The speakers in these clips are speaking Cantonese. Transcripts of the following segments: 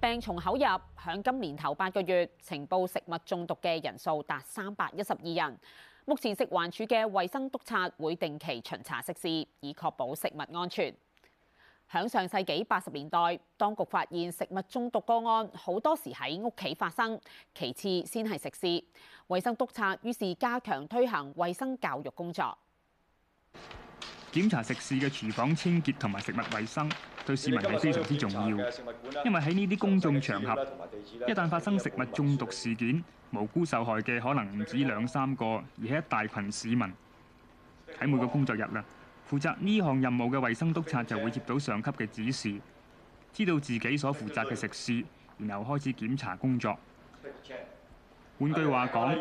病從口入，響今年頭八個月，呈報食物中毒嘅人數達三百一十二人。目前食環署嘅衛生督察會定期巡查食肆，以確保食物安全。響上世紀八十年代，當局發現食物中毒個案好多時喺屋企發生，其次先係食肆。衛生督察於是加強推行衛生教育工作，檢查食肆嘅廚房清潔同埋食物衞生。對市民係非常之重要，因為喺呢啲公眾場合，一旦發生食物中毒事件，無辜受害嘅可能唔止兩三個，而係一大群市民。喺每個工作日啦，負責呢項任務嘅衞生督察就會接到上級嘅指示，知道自己所負責嘅食肆，然後開始檢查工作。換句話講，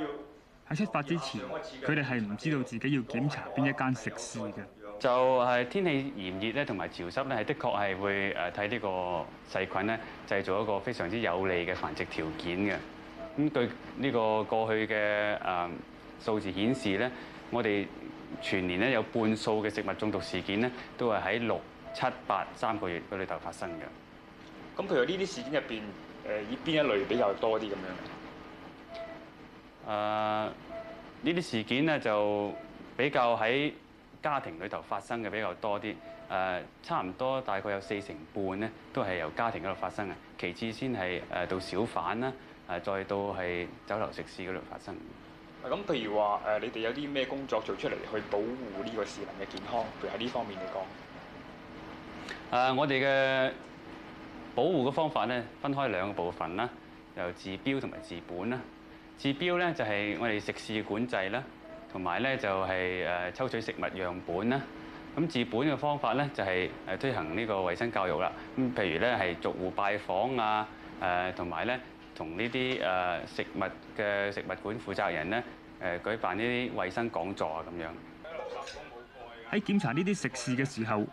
喺出發之前，佢哋係唔知道自己要檢查邊一間食肆嘅。就係天氣炎熱咧，同埋潮濕咧，係的確係會誒睇呢個細菌咧製造一個非常之有利嘅繁殖條件嘅。咁對呢個過去嘅誒數字顯示咧，我哋全年咧有半數嘅食物中毒事件咧，都係喺六、七、八三個月嘅裏頭發生嘅。咁譬如呢啲事件入邊，誒以邊一類比較多啲咁樣？誒呢啲事件咧就比較喺。家庭裏頭發生嘅比較多啲，誒差唔多大概有四成半咧，都係由家庭嗰度發生嘅。其次先係誒到小販啦，誒再到係酒樓食肆嗰度發生。咁譬如話誒，你哋有啲咩工作做出嚟去保護呢個市民嘅健康？譬如喺呢方面嚟講，誒我哋嘅保護嘅方法咧，分開兩個部分啦，由治標同埋治本啦。治標咧就係我哋食肆管制啦。同埋咧，就係誒抽取食物樣本啦。咁治本嘅方法咧，就係誒推行呢個衞生教育啦。咁譬如咧，係逐戶拜訪啊，誒同埋咧同呢啲誒食物嘅食物館負責人咧，誒舉辦呢啲衞生講座啊，咁樣喺檢查呢啲食肆嘅時候，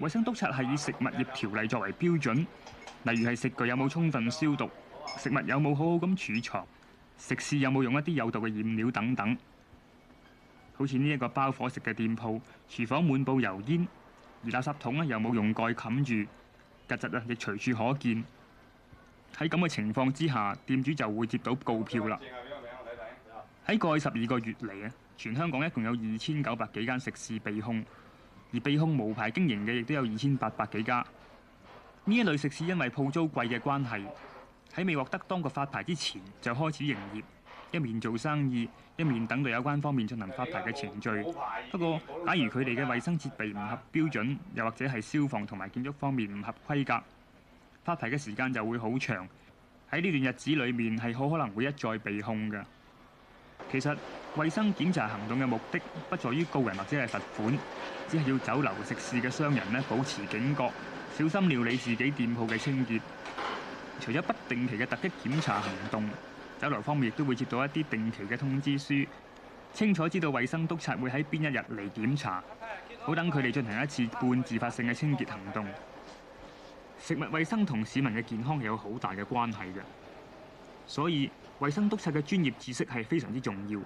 衞生督察係以《食物業條例》作為標準，例如係食具有冇充分消毒，食物有冇好好咁儲藏，食肆有冇用一啲有毒嘅染料等等。好似呢一個包伙食嘅店鋪，廚房滿布油煙，而垃圾桶咧又冇用蓋冚住，曱甴咧亦隨處可見。喺咁嘅情況之下，店主就會接到告票啦。喺過去十二個月嚟啊，全香港一共有二千九百幾間食肆被控，而被控無牌經營嘅亦都有二千八百幾家。呢一類食肆因為鋪租貴嘅關係，喺未獲得當局發牌之前就開始營業。一面做生意，一面等待有關方面進行發牌嘅程序。不過，假如佢哋嘅衛生設備唔合標準，又或者係消防同埋建築方面唔合規格，發牌嘅時間就會好長。喺呢段日子裏面，係好可能會一再被控嘅。其實，衞生檢查行動嘅目的不在於告人或者係罰款，只係要酒樓食肆嘅商人呢保持警覺，小心料理自己店鋪嘅清潔。除咗不定期嘅突擊檢查行動，酒樓方面亦都會接到一啲定期嘅通知書，清楚知道衛生督察會喺邊一日嚟檢查，好等佢哋進行一次半自發性嘅清潔行動。食物衛生同市民嘅健康係有好大嘅關係嘅，所以衛生督察嘅專業知識係非常之重要，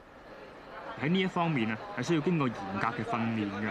喺呢一方面啊，係需要經過嚴格嘅訓練嘅。